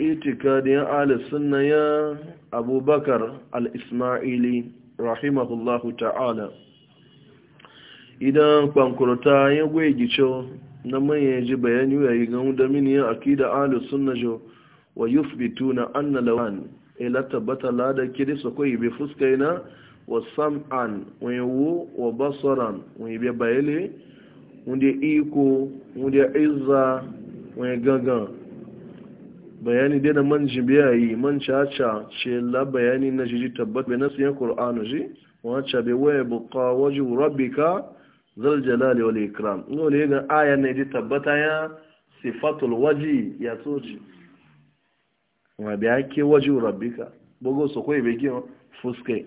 itikadin alisunna ya abubakar al-ismaili rahimahullahu ta'ala idan kwankurta ya gwegicho na manyan ji bayani ya yi gan da mini ya akida alisunna jo wa yusbitu na anna lawan ila e tabbata lada kirisa kwayi bi fuskaina wa sam'an wayewu wa basaran wayebe bayele wunde iko wunde izza waye gangan bayani dai da man jibiya yi man caca ce la bayani na jiji tabbat bai nasu yin ƙur'anu ji wacce bai waya buƙa waje rabbika zal jalali wal ikram no le ga aya ne ji tabbata ya sifatul waje ya soci wa bi ake waje rabbika bogo so koyi bai kiyo fuske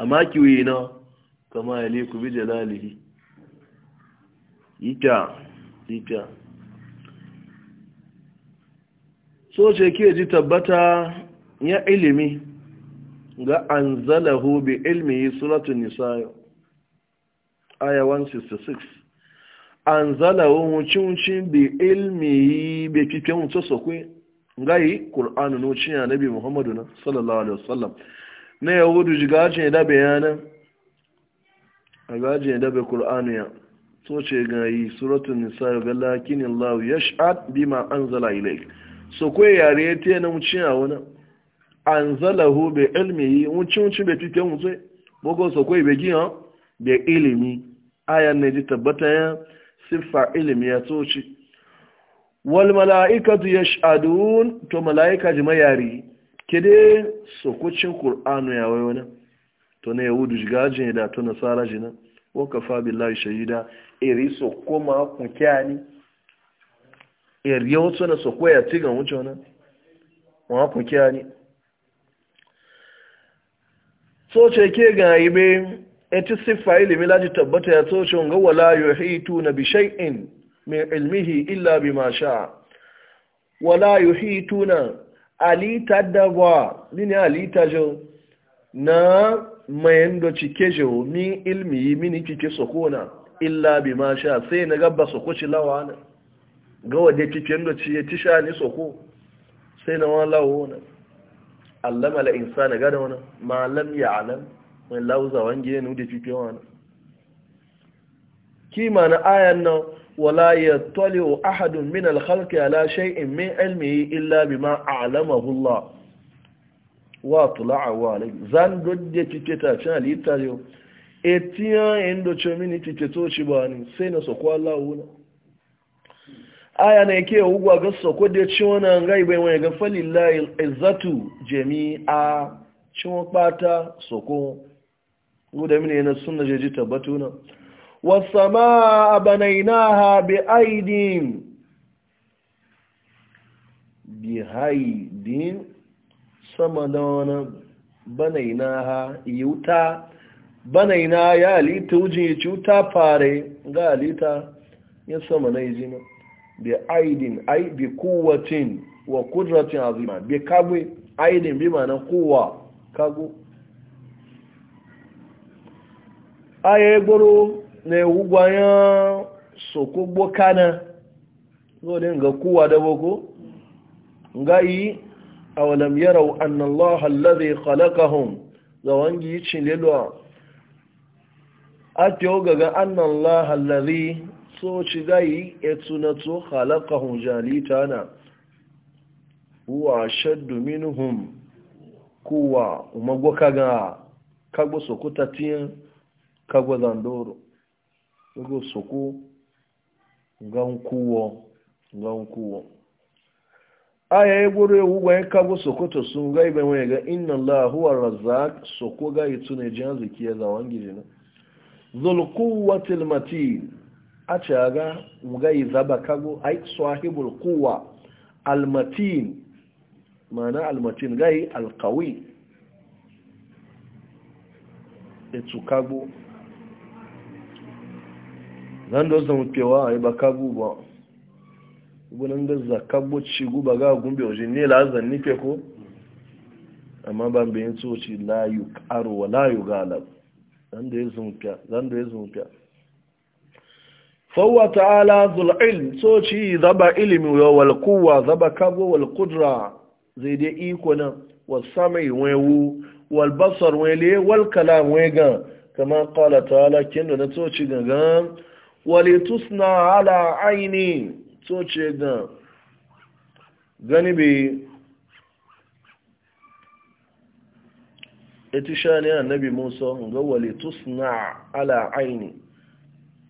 amma yi na kama yaliku bi jalalihi ita ita soce ke ji tabbata ya ilimi ga an zalahu bi ilmi suratun nisayo aya 166 an zalahu mucin bi ilmi bi fifiyan mutu sokwe gayi ƙul'anu nucin ya nabi muhammadu na sallallahu alaihi wasallam na yahudu ji gajin ya dabe yana a gajin ya dabe ƙul'anu ya soce yi suratun nisayo ga lakinin lau bi ma an zala ilaik so kwe yare ya te na mucin a wani an zalahu bai yi mucin mucin bai fike mutu boko so kwe bai giyan bai ilimi ayan ne ji tabbata ya siffa ilimi ya toci wal mala'ikatu sha'adun to mala'ika ji mayari kede so kucin kur'anu ya wai wani to ne yahudu jiga jin da to nasara jina wa kafa billahi shahida iri so koma kun kyani iriye wasu na sokwe ya ci ga wuce wani wọn kukiya ne ke ga ibe me siffa ilimi laji tabbata ya soce nga wala yuhitu na bishai'in mai ilmihi illa bi ma sha wala yuhitu na alita dawa mini alita jo na mayan da cike jo min ilmi mini cike sokona illa bi ma sha sai na gaba sokoci lawa ne ga waje cikin da ci ya ci sha ni soko sai na wani lawo wani allama la na gada wani Malam lam ya alam wani lauza wange ne da cikin wani kima na ayan nan wala ya tole ahadun min alhalki ala shay'in min ilmihi illa ma Alama Allah wa tula'a wa alayhi zan dodde cike ta cin halitta yau etiyan indo chomini cike to ci ba ne, sai na soko Allah wuna aya na yake a ga soko da ci wannan bai wani ga lai izatu jami'a ci won pata soko guda mine na sunna jeji tabbatuna wasamaa banainaha bi aidin bi haidin sama da wani banainaha yuta banaina ya halitta wujin ya ci wuta fare ga halitta ya sama na izina bi aidin ai bi kuwatin wa kudratin azima bi kagwe aidin bi ma'ana kuwa. kago aya gboro na ewu gwayan sokogbo kana zodin ga kowa da boko ngayi awalam yarau anna allaha alladhi khalaqahum zawangi cin lelwa ati ogaga gaga allaha alladhi so ci gayi etu na to halakahun jalita na wa shaddu minhum kuwa umagwa kaga kagbo soko tatiyan kagbo zandoro kagbo soko gan kuwo gan kuwo aya ya gburu ewu gwaye kagbo soko to sun ga ibe wani ga inna Allah huwa razak soko gayi tunai jihar zikiya zawon gidi na zulkuwatil matin a mugayi zaba kago ai sahibul kuwa almatin mana almatin gayi alkawi etu kago zan da zan kewa a yi ba kago ba gunan da za kago ci guba ga gumbe waje ne lazan nife ko amma ban so bayan tsoci layu karuwa layu galab zan da e ya zumfiya fọwọ́ ta'ala zul'il so ci zaba ilimi wal kuwa zaba kago wal kudura zai dai iko nan wal wele wal kalam wegan kama ta'ala kendo na so ci gangan walitus na ala aini gan gani ita sha ne annabi musa ga walitus na ala aini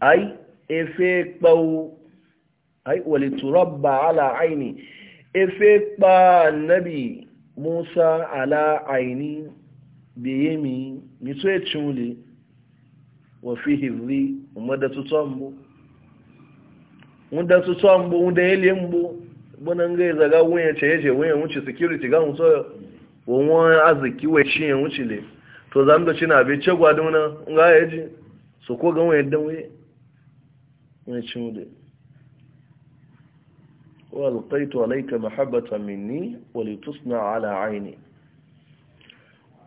ai efe kpau ai waliturabba ala aini efe kpa nabi musa ala aini biyemi mito echimuli wafi hivri umada tutombo wunda tutombo wunda ele mbo gbona nga izaga e wuye cheje e wuye wuce security ga mutoyo wonwon aziki we shi wuce le to zan do china be chegwa duna nga yaji e so ko ga wuye dan wuye mai cimde walƙaitu alaika mahabbata minni walitusna ala aini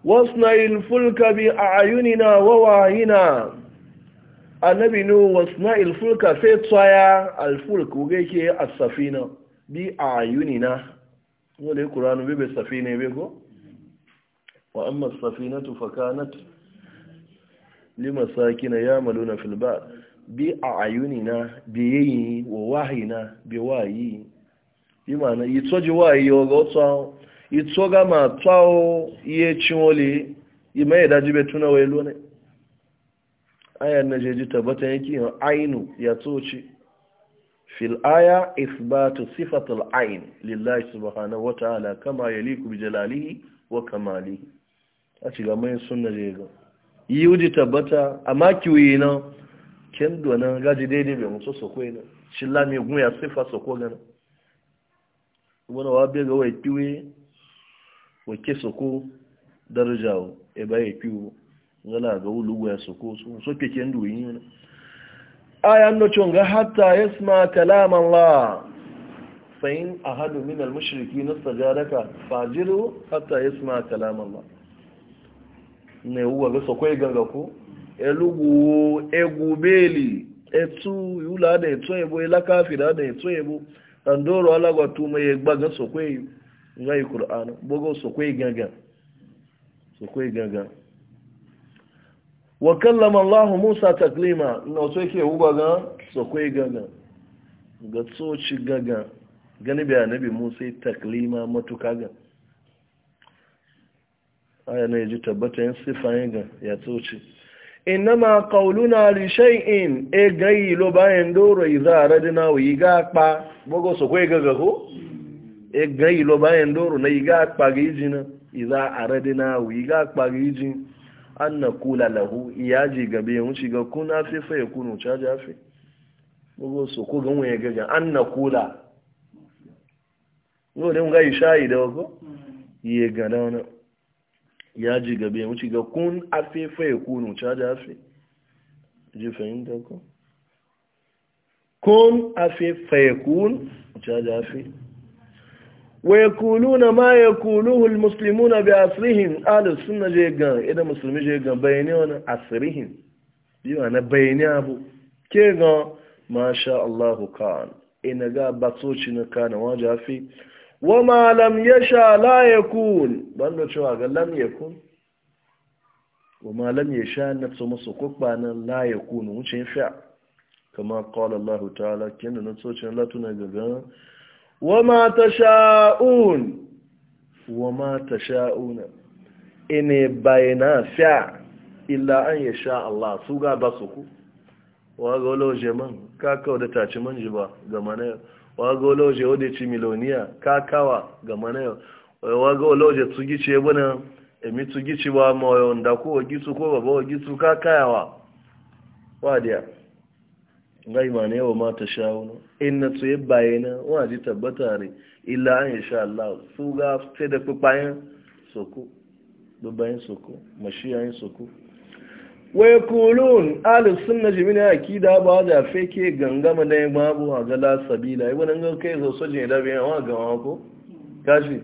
wasna ilfulka bi a ayunina wawayina annabi nu wasna ilfulka sai tsaya alfulk wuge ke a safina bi a ayunina wale kuranu bebe safina be ko wa amma safinatu fakanat limasakina yamaluna fil ba'r bi a na bi yayi wa wahina bi wayi bi mana itoji wayi ogo to itoga ma to ye chinwole me da jibe tuna we ne. aya na jeji tabbata yake ainu ya toci fil aya ithbatu al ain lillahi subhanahu wa ta'ala kama yaliku bi jalalihi wa kamalihi a ci ga mai sunna jego yi uji tabbata amma kiwi na kendo donan gaji daidai bai mutu su ko ina shi mai gun ya sifa su ko gana wani wa bai ga wai piwe wa ke so ko daraja e ba ya piwo ngala ga wulu ya su ko su so ke kendo yin ne ayan no chonga hatta yasma kalam Allah fa in ahadu min al mushriki nastajaraka fajiru hatta yasma kalam Allah ne uwa ga su ko ganga ko elugwu egwu etu yula da etu ebo elaka afira da etu ebo andoro alagwatu mai egbaga sokwe ngai qur'an bogo sokwe gaga sokwe gaga wa kallama allah musa taklima no so yake ubaga sokwe gaga ga tsoci gaga gani bi annabi musa taklima matukaga ga aya ne ji tabbata yin sifa yin ga ya tsoci inama kauluna li e gai lo bayan doro iza aradina wa iga pa bogo so kwe gaga ko e gai lo bayan doro na iga pa ga ijina iza aradina wa iga pa ga an na kula lahu iyaji gabe shiga kuna fi fa yakunu cha jafe bogo so ko gan waye gaga kula yau ne mun ga shayi da ya ji gabe wuce ga kun afefa ya kunu caji afe ji fahimta ko kun afefa ya kun caji afe wa ya na ma ya musulmi na bi asirihin ahlus suna je gan idan musulmi je gan bayani wani asirihin biwa na bayani abu ke ga masha Allah kan ina ga batsoci na kana wajafi ma lam yasha la yakun banda cewa ga lam yakun ma lam yasha na tsoma su kokba nan la yakun wucin fi'a kama qala Allah ta'ala kinna nan tsocin latuna gaga ma tasha'un ma tasha'una ine bayna fi'a illa an yasha Allah su ga basu ku wa ga lo jeman ka ta ci manji ba ga mana wago loje ode ci miloniya kakawa ga manayo wago loje tsugici ya bana emi tsugici ba mawayo da ko wagisu ko baba wagisu kakayawa wadiya gai ma ne wa mata shawuno in na tsaye bayana waji tabbata ne illa an insha Allah su ga sai da kwayen soko babban soko mashiyayin soko wai kulun alis sun na jimina a kida ba da fake gangama na yin babu a gala sabila ibi nan ga kai zo sojin da bayan wa gama ko kashi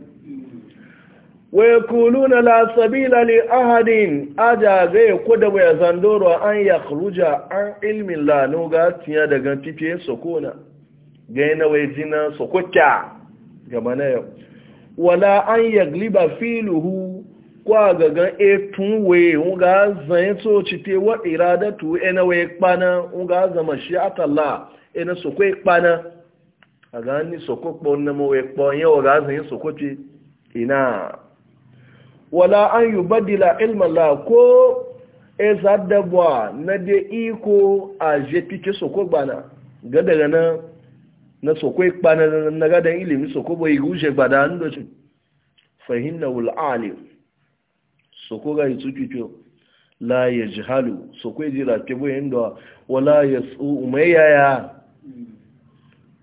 wai kulun ala sabila li ahadin aja zai kuda waya zandoro an ya kuruja an ilmin lanu ga tiya daga fifiye sokona ga yana wai jina sokokya gaba na yau wala an yagliba filuhu kwa gagan etun we nga zan so chite wa iradatu ena we pana nga zama shi atalla ena so kwe pana aga ni soko nama po na mo we po yen o ga zan ti ina wala an yubadila ilma la ko e na de iko a je pike soko gbana gada daga na na so pana na ga dan ilimi soko ko bo iguje gbada ndo fahimna wal alim soko ga yi tsuki la ya ji halu soko ya ji rafi bu yin da wala ya tsu umai yaya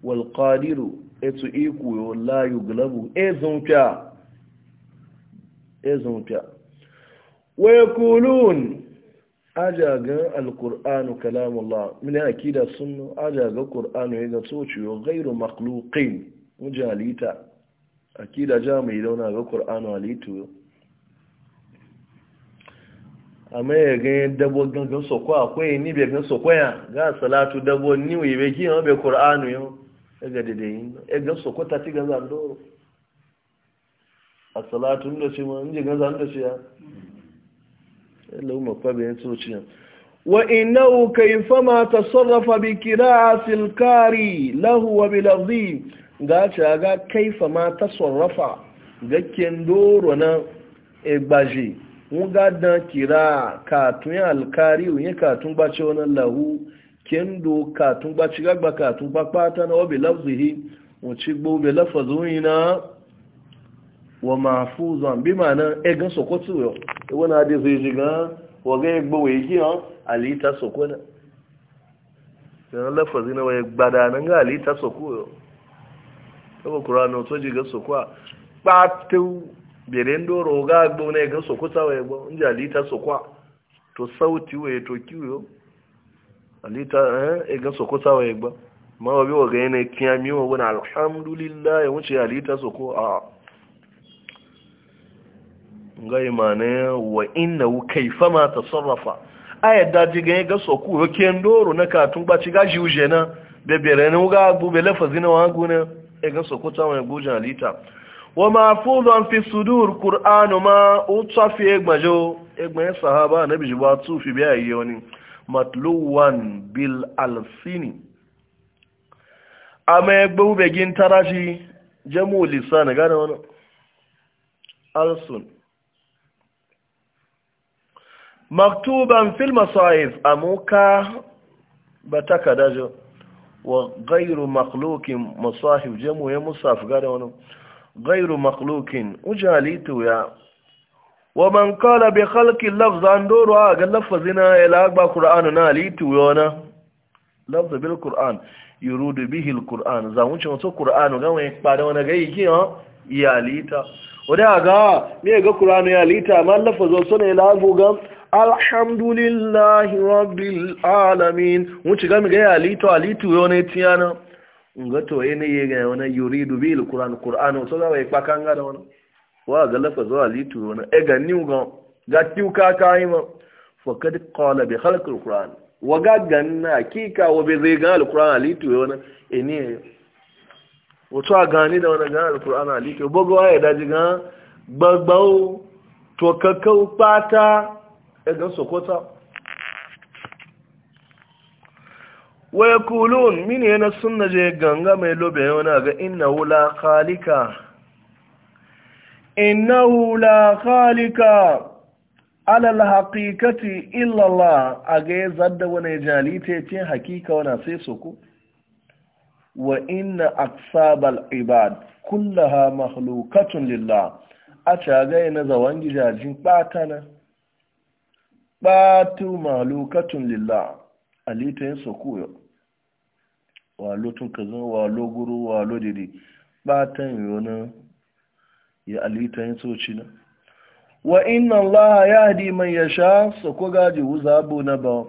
wal etu iku yo la yi gulabu fiya e ezun fiya wa yaqulun ajagan alkur'anu kalamullah min akida sunna ajagan qur'anu yaga sociyo ghairu makhluqin mujalita akida jami launa ga qur'anu alitu amma ya ganin dabo gangan soko akwai ni be gan soko ya ga salatu dabo ni wai bai ki bai qur'anu yo ga dede yin e gan soko ta ti gazan doro a salatu ndo shi ma nje gazan ndo shi ya lauma kwa bai so ci wa innahu kayfama tasarrafa bi qira'ati al-qari lahu wa bi lafzi ga ta ga kayfama tasarrafa gakken doro na e gbaji mugadan kira katun ya alkari unye katun bace wani lahu kendo katun bace gagba katun papata na wabi lafzihi wuce gbobe yi na wa mafuzan bi ma'ana egan sokotu yau e wani adi zai waga ya gbowe yi alita na gbada nan ga e alita soko yau ta na e otu bere ndoro ga agbo na ga soko tsawa ya ndi nji alita sokwa to sauti we to kiwo alita eh ga soko tsawa ya ma ma wa biwa ga yana kiya miwa wani alhamdulillah ya wuce alita soko a ngai mane wa inna kaifa ma tasarrafa aya daji ga ga soko yo kendoro na katun ba ci gaji uje na bebere ne ga agbo be na wa agbo soko tsawa ya gbo alita wa mafuzan fi sudur qur'anu ma utsafi egbajo egbe sahaba nabi fi atufi bi aye oni matluwan bil alsini ama egbe ube gin taraji jamu lisan gana wono alsun maktuban fil masahif amuka ba dajo wa ghairu makhluqin masahif jamu ya musaf gana wono غير مخلوق وجاليتو يا ومن قال بخلق اللفظ اندورو قال لفظنا الى اكبر قران ناليتو يونا لفظ بالقران يرود به القران زاونچ متو قران غان وين پاده وانا گاي كي يا ليتا ودا غا مي غا قران يا ليتا ما لفظو سن الى غو alhamdulillahi rabbil alamin wuce gami ga ya alito alito yau ne tiyana ngato yana yega wana yuridu bil qur'an qur'an so da wai pakan da wani wa ga lafa zuwa litu wani e ga niu ga ga tiu ka kai ma fa kad qala bi khalq al qur'an wa ga ganna kika wa bi zai ga al qur'an litu wani e ni to a gani da wani ga al qur'an litu bogo wa da ji ga gbagbau to kakau pata e ga sokota wa kulun min yana sunna je ganga mai lobe yana ga innahu wula khalika innahu wula khalika haƙiƙati alhaqiqati a ga aga zadda wani jalite ce haƙiƙa wana sai ku. wa inna aksabal ibad kullaha mahlukatun lillah a caga na zawon gijajin ɓatana ɓatu mahlukatun lillah alita yin yau walo tun ka zan walo guru walo dede batan yana ya alita yin soci na wa inna Allah ya haɗi mai ya sha su gaji hu zabu na ba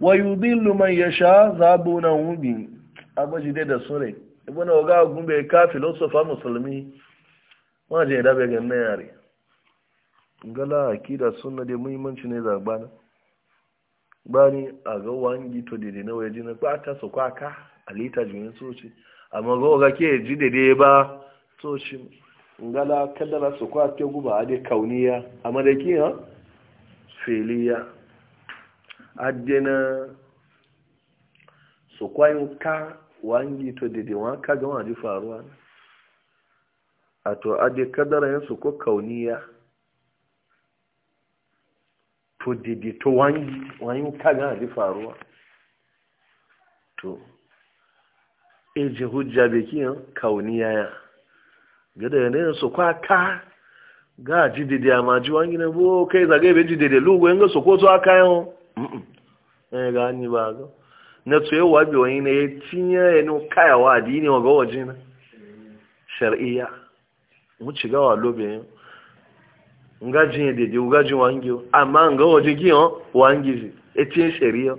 wa yudillu mai ya sha zabu na hubi agbaji dai da sore ibn oga gumbe ka filosofa musulmi ma je da be ganna yare ngala akida sunna da muhimmanci ne zagbana bani a ga wangi to dede na waje na kwata su kwaka alita jimin soci amma ga ke ji daidai ba soci ngala kaddara su kwa ke guba ade kauniya amma da ke ha feliya adena su kwa yin ka wangi to dede wa ka gama ji faruwa a to ade kaddara yin su kwa kauniya to dede to wangi wani ka ga ji faruwa to eji hujja bekiyan kauniya ya gada yanayin su kwaka ga ji a maji wani na bo kai zagaye ebe ji lugu yin eh, ga su kotu aka yawon ɗaya ga hanyi ba ga na tsoyewa bi wani na ya ya ni wa ga waje na shari'a mu ci gawa lobe yin dede amma waje ji e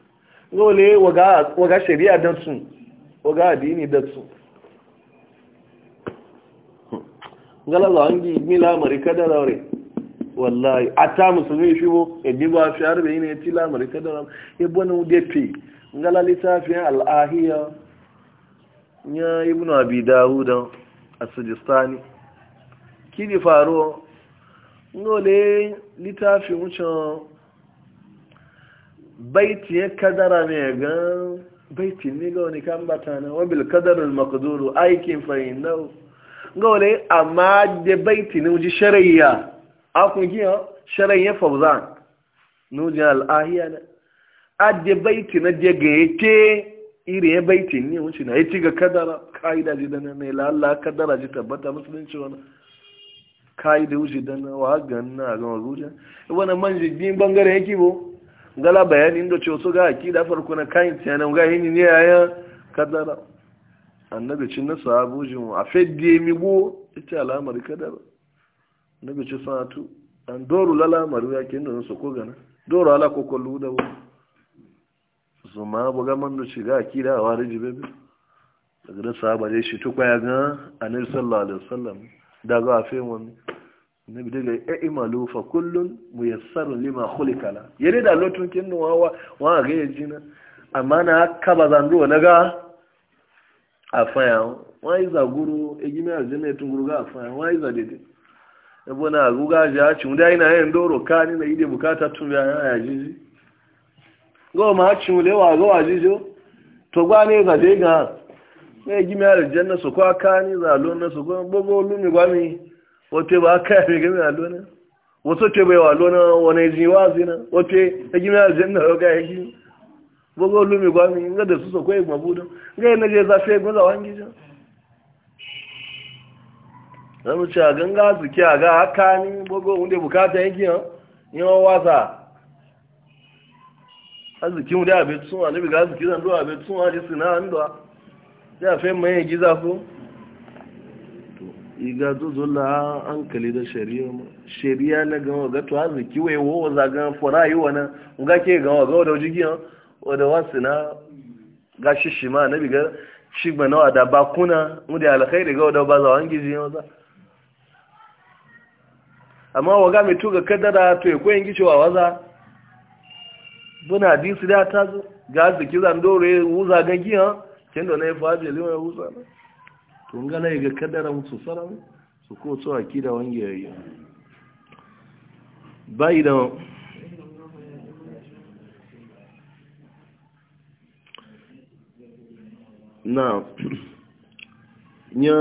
dole waga shari'a don su waga adini don su galala hangi mila marika da laure wallahi a ta musulmi shi bo ebi ba fi harbe ne ti la marika da laure ebo na udepi ngala littafin al'ahiyya ya ibn abi dawudan as-sijistani kini faruwa ngole littafin wucin baiti ya kadara ne ga baiti ne ga wani kan bata na wabil kadarul makaduru aikin fa'inau ga wani amma da baiti ne uji sharayya akun giya fauza. na nujin al'ahiya na a da baiti na da ga ke iri ya baiti ne wuce na ya ci ga kadara ka'ida ji dana ne lalla kadara ji tabbata musulunci wani ka'ida wuce dana wa ganna a wazuja wani manjigin bangare yake bo gala bayanin da ce wasu ga haki da farko na kayan tiyanan ga ne ne yaya kadara annabi cin na sahabu jin a fedde migo ita alamar kadara annabi ci sanatu an doru lalamar ya ke da su ko gana doru ala ko kollu da su ma bu ga man da ci ga haki da wa riji bebe daga da sahaba dai shi tukwaya ga annabi sallallahu alaihi wasallam daga afen wani na bi daga ya eh, imalu fa kullun muyassarun lima khuliqala yare da lotun kin no wawa wa ga yaji amma na ka ba zan ruwa naga afaya wai za guru egime aljanna tun guru ga afaya wai za dede yabo na guga ja ci munda ina yin doro kani na ide bukata tun ya ya jiji go ma ci mule wa go ajijo to gwa ne ga je ga egime aljanna su kwa kani za lonna su go bogo lumi gwami wote ba aka yi game a lona wasu ke bai wa lona wani ji wazi na wote ya gina roga ya ga yaki bugo lumi gwami inga da su so koyi mabudan ga yana je za fe gwaza wangi jan Na ci a ganga ke a ga haka ni gbogbo wunde bukata yake yan yawan wasa arziki mu da abetun a nabi ga arziki zan do abetun a jisina an do ya fe mai giza ko iga zuzula hankali da shari'a ma shari'a na gama ga tuwa ziki wai wo za ga yi wannan ga ke ga ga da jigiya da wasu na ga shishi ma na ga shi ba nawa bakuna mu da alkhairi ga da ba za wangi ji maza amma waga mai tuga kadara to ya gici wa waza buna hadisi da ta ga ziki zan dore wuza ga giya kin da na yi faje liwa wuza na tun gana ya ga kadara musu sarari su ko su haki da wange yayi bayi da na ya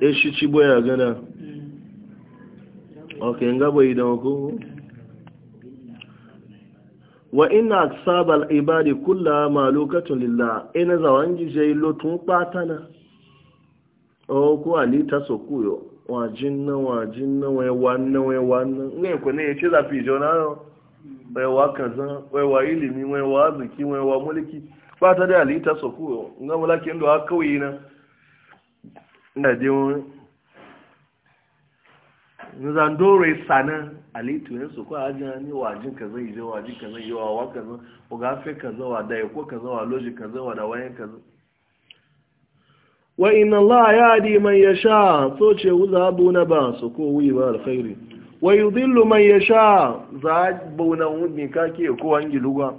ya shi cibo ya gana ok nga bayi da mako wa ina aksabal ibadi kulla malukatun lillah ina je lo tun patana o ku alita yo wa na wa na wai wanna wai wanna ne ko ne ce za fi jona no wai wa kaza wai wa ilimi wai wa arziki wai wa mulki fata da alita sokuyo nga mulaki ndo akawina na je zandoro ya sana alitu ya su kwa ajin hannu wajin kaza yi jawa wajin kaza yi wa wa kaza wa gafe kaza wa da ko kaza wa loji kaza wa da wayan kaza wa inna Allah ya man ya sha so ce wuza na ba su ko wi ba alkhairi wa yudillu man ya sha za bauna ka ke ko wangi giluga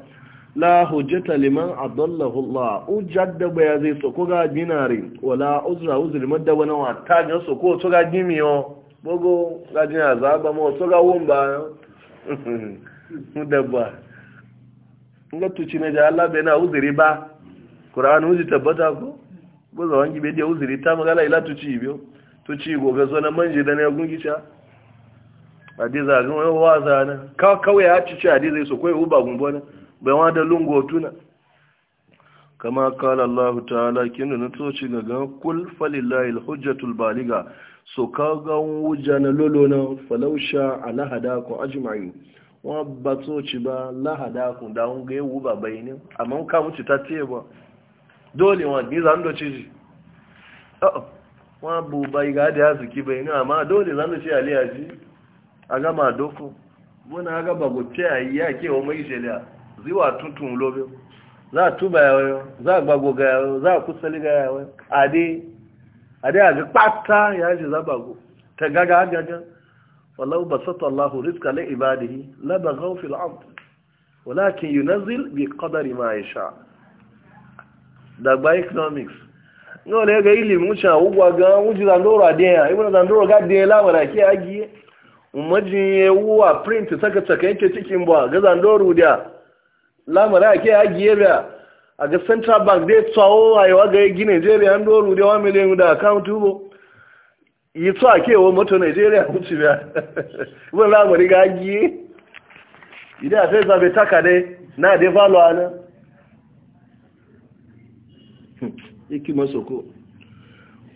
la hujjata liman adallahu Allah jadda ba zai so ko ga dinari wala uzra uzri madda wana wa ta ga so ko so ga gimiyo bogo gajin azaba ma wasu gawon ba dabba nga tuci na ja Allah bai na uziri ba Qur'an uzi tabbata ko bo za wangi bai da uzuri ta magala ila tuci biyo tuci goga zo na manje da ne gungi cha hadiza ga wani waza na ka kawai ya ci hadiza adiza so koi uba gumbo na bai wanda lungo tuna kama kala Allah ta'ala kinu na tuci ga kul falillahi alhujjatul baliga so ka ga wuja na lolo na falausha a lahada ku ajma'in wa ba so ci ba lahada ku da hun ga yawu ba bai ne amma ka mutu ta ce ba dole wa ni zan doce ji oh, wa bu bai ga da yazuki bai ne amma dole zan doce ali a ga ma doko muna ga ba gote ayi ya ke wa mai shelia ziwa tuntun lobe za a tuba yawo za a gbago za a kusali ga yawo ade ade a ga pata ya ji zabago ta gaga gaga walau basata Allah rizqa li ibadihi la baghaw fil ard walakin yunzil bi qadari ma yasha da by economics no le ga ilimin cha ugwa ga wuji da ndoro ade ya ibn da ndoro ga de la wala ke agiye umaji yewu a print saka saka yake cikin ba ga da ndoro dia la mara ke agiye ba a ga central bank dey tsawo a ga yagi nigeria an doru da wa miliyan da account ubo yi tsawo oh, a moto nigeria wuce biya wani lamari ga agiye ide a sai zabe taka na dai valo a nan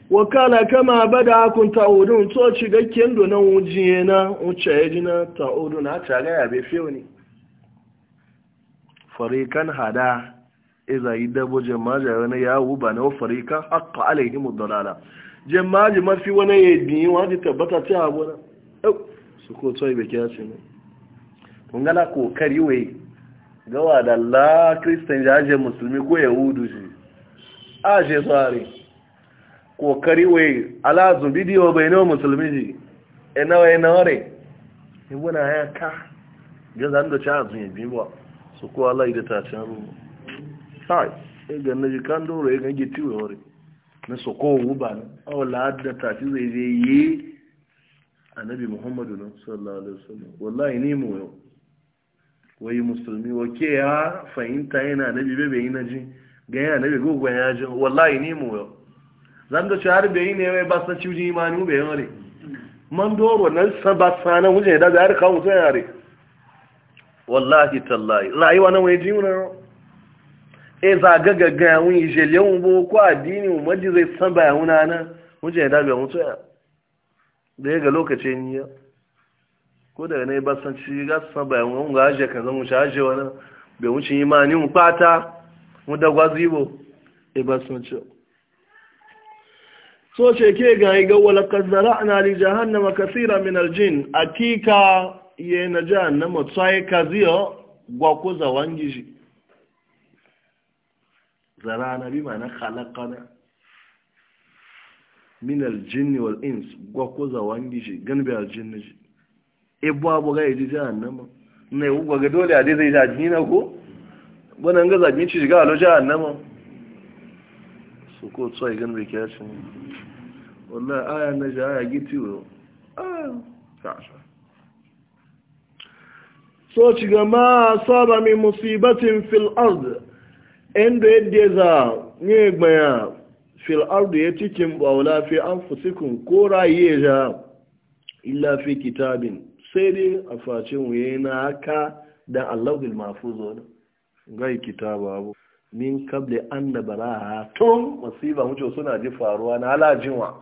wakala kama bada akụ ta'udun to ci gakken donan wujiye na wuce ya ji na ta'udun a tagaya bai fiye ne farikan hada iza yi dabo jama'a wani ya wu ba na wafari kan haƙa alaihimu dalala jama'a ji mafi wani ya biyi wani tabbata ta abu su ko tsoyi bai kya ce ne kun gawa da la kristan ya musulmi ko yahudu shi a je tsari kokari wai ala zubi hai ga na ji kan doro ya gange tiwe wuri na sokowa A na awala adda tafi zai zai yi A nabi muhammadu na sallallahu alaihi wasallam wallahi ni mu yau wai musulmi wake ya fahimta yana annabi bai bai na ji ga yana annabi gogon ya ji wallahi ni mu yau zan da shi har bai ne mai basa cikin ciwon imani bai yare man doro na sabasa na wuce da zai har kawo yare wallahi tallahi rayuwa na wani ji mu na e za ga gaggawa wun ijele wun bo ko addini mu maji zai san baya na nan mun je da ga mutu ya da ga lokaci ni ya ko daga ne ba san ci ga san baya wun ga ajiye kan zan mu shaje wani be mu yi mani mu fata mu da bo e ba san ci so ce ke ga ga wala kazara'na li jahannama kaseera min aljin akika ye na jahannama tsai kaziyo gwa ko zawangiji زرانا بما خلقنا من الجن والانس وكوزا وانجيشي جنب الجن ابو ابو غاي دي جهنم ني هو غا دولي ادي زي جاجني نكو بو نان غزا جني شيغا لو جهنم سوكو تصاي جنب كياشن والله ايا نجا ايا جيتو اه كاشا سوچ غما صاب من مصيبه في الارض inda yadda za ne gbaya fil ardu ya cikin baula fi anfusikum ko raye ja illa fi kitabin sai dai a facin wuye na haka da allahul mafuzo gai kitaba abu min kable an da baraha tun masiba mucho suna ji faruwa na alajinwa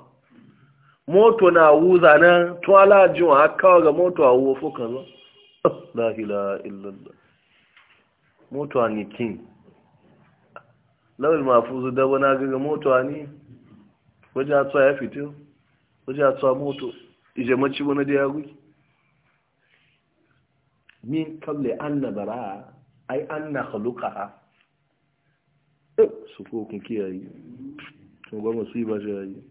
moto na wuza na to alajinwa haka ga moto a wuwa kazo zo la ilaha illallah moto a nikin lawal mafuzu da wani agaga moto a ni waje a tsawa ya fito waje a tsawa moto ije maci wani da ya gui min kable an na bara ai an na haluka ha eh, su ko kun kiyaye kuma ba masu yi ba shi yayi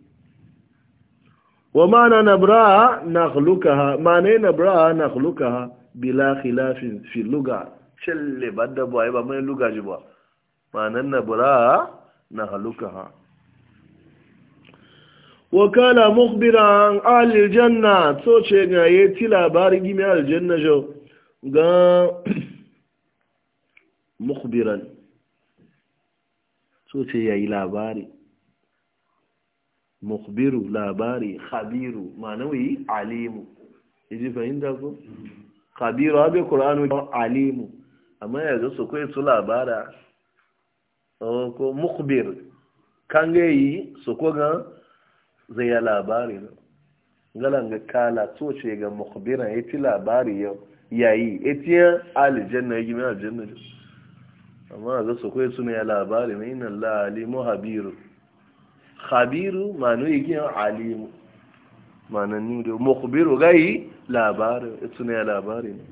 wa mana na bara na haluka ha mana na bara na haluka ha bila khilafin fi luga shelle ba da ba ai ba mai luga ji ba Manan na bura na haluka ha wakala mukbiran an aljanna so ce ga ya ci labarin gimi aljanna jau ga mukbiran so ce ya yi labari mukbiru labari khabiru ma'anawi alimu iji fahimta ko khabiru abe ƙura'anu alimu amma ya zo su kai su labara ko mukbir kan yi su ko ga zai ya labari na ga kala to ce ga mukbiran ya ti labari yau yayi etiyan aljanna ya gina aljanna amma ga su ko su ne ya labari na ina la Habiru habiru ma manu yi gina alimu manan ni da mukbiru ga yi labari su ne ya labari ne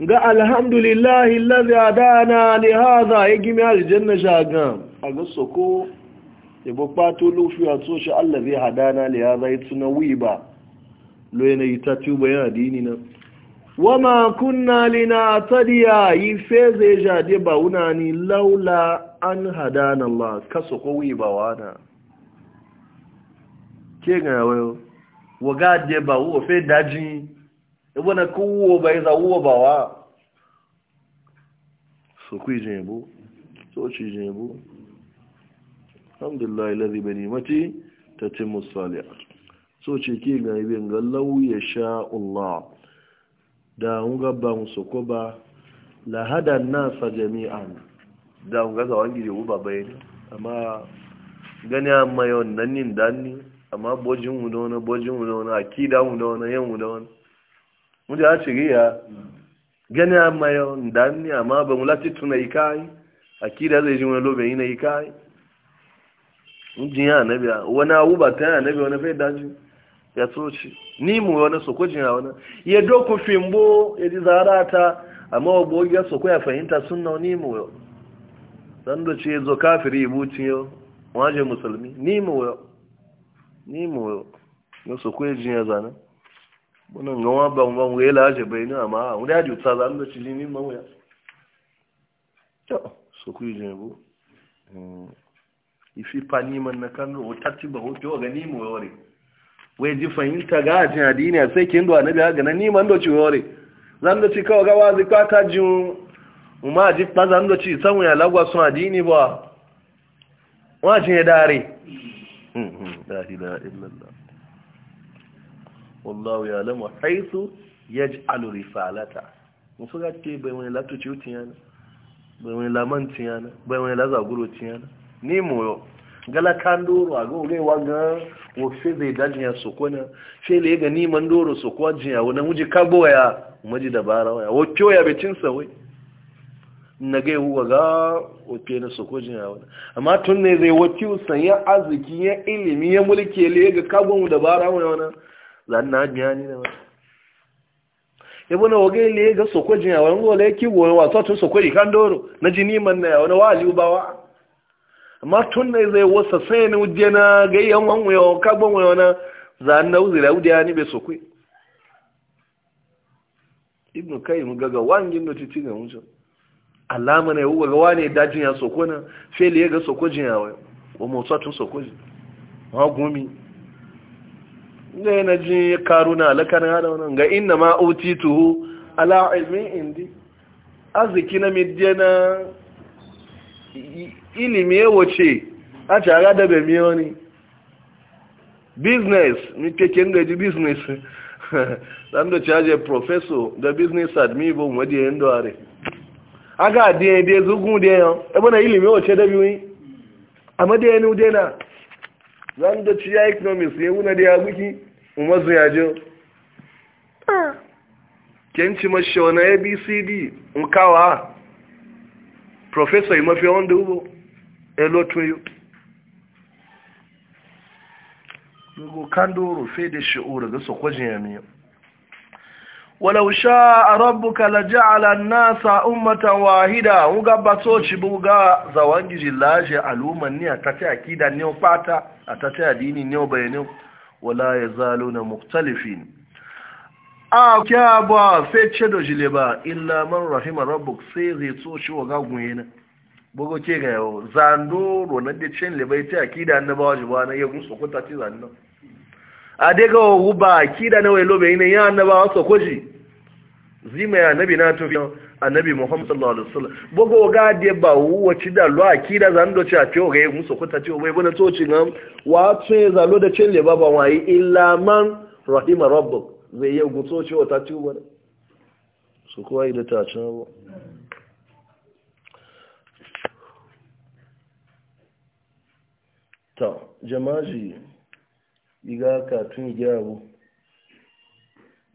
ga alhamdulillahi lazi adana li hadha ya gimi aljanna shagan a ga soko yabo pato lufi a toshe zai hadana li hadha zai tuna wiba lo yana yi ta tuba yana dini na wama kunna lina tadiya yi feze jade ba wuna ni laula an hadana Allah ka soko ba wana ke ga yawo waga de ba wo fe daji ibana kowo bai zawuwa ba wa su ku ijin yabo soci ijin yabo alhamdulillah ilazi bani mati ta timu saliya soci ki ga ibin ga lauye sha'ullah da hun gaba musu ko ba lahada nasa jami'an da hun gaza wangi da uba bai amma gani a mayon nan nin danni amma bojin da wani bojin da wani akida mu da wani yan mu da wani muje a ciri ya gani a mayo da ni amma ba mu lati tuna ikai akida zai ji wani lobe yi na ikai mujin ya anabi wani abu ba ta anabi wani fai daji ya tsoci ni mu wani sokojin ya wani ya doku fimbo ya ji zarata amma wa bogiyar soko ya fahimta sunna ni mu yau dan da ce zo kafiri ibuci yau waje musulmi ni mu yau ni mu yau na soko ya ji wannan gawa ban ban wai laje bai ni amma àmà àwọn juta za mu ci ni ní wuya wọ́n so ku je bu ifi ní man na kan o tatti ba hoto ga ni mu wore wai ji fahimta ga ajin addini sai kin do annabi ga ni man do ci zan ka ji mu ma ji pa zan ba wallahu ya lamu haisu ya ji alurisalata musu ga ke bai wani latu latuci tiyana bai wani laman tiyana bai wani laza lazaguro tiyana ni moyo gala kan doro a ga wule wa ga wofe zai dajin ya sokona sai le ga ni man doro sokwa jiya wani muji kabo ya maji dabara waya wakyo ya bicin sa wai na ga yiwuwa ga wofe na soko jiya wani amma tun ne zai wakyo sanya arziki ya ilimi ya mulki ya le ga kabo mu dabara waya wani zan na biya ni da wani yabo na wage le ga soko jin awon go le ki wo wa to tun soko kan doro na ji ni man na ya wani wali ubawa amma tun ne zai wasa sai ne uje na ga yan wan wo ka gbon wo na zan na uzira udiya ni be sokwe. ibnu kayyim gaga wangi no titi ga mutum alama ne wuga ga wani dajin ya soko na fele ga soko ya awon o mo to tun soko jin wa gumi ne na ji karuna lakana da wani ga inna ma utituhu ala ilmi indi arziki na midiyana ilimi ya wace a cara dabe bai miyo ne business mikekin da ji business dan da caje professor da business admin bo wadi yin re. aga de de zugun de yo ebe na ilimi wace da biyu amma de na zan da ciya economics ya wuna da ya guki umazu ya je ah. kenci mashi wani abcd nkawa professor imafi wanda ubo elotun yi gogo kandoro fe da shi'ura ga sokwajin yamiya ولو شاء ربك لجعل الناس امه واحده وغبا وغبطو بوغا زوانجي جلاجة علوم ني أتاتي أكيدا نيو باتا أتاتي ديني نيو بينو ولا يزالون مختلفين أو كابا فتشدو جليبا الا من رحم ربك سيزي توشي وغا غوينا بوغو تشيغا زاندو yau zando ronadda cin libaita akida annabawa jibana ya adega wuba kida na wai lobe ne ya annaba wasu koji zima ya nabi na a annabi muhammadu sallallahu alaihi wasallam boko ga de ba wuwa ci da lo akida zan do ci a ciwo ga mu so kota ciwo bai bana to ci nan wa ce za lo da cin ba ba wai illa man rahima rabbuk zai yau gutso ce wata ciwo bana su kuwa ida ta ba ta jama'a iga gị abụ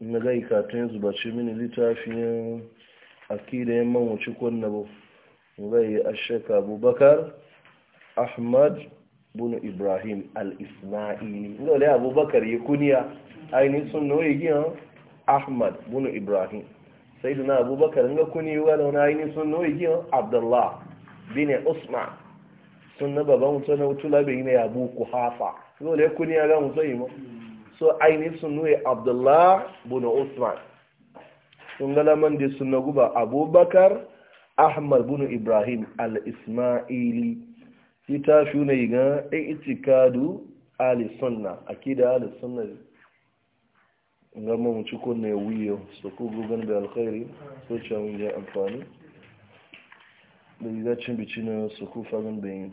na gai katun zubaci mini littafin akida ya mawuci kwanna gai asheka abubakar ahmad bunu ibrahim al-ismaili lole abubakar ya kuniya ainihin sun gị giyan ahmad bunu ibrahim Sa'idu na abubakar nga kuniwa da wani ainihin sun nawa giyan Abdullahi bin usman sun na baban wuta na wutula ne abu kuhafa no le kuni aga muso yimo so aini sunwe abdullah bin usman gala man de sunna guba abubakar ahmad bin ibrahim al ismaili ita shune ga itikadu ali sunna akida ali sunna ngama mu cikon ne wiyo so ko gogan da alkhairi so cha mun amfani da yi zacin bicina su kufa gan bayin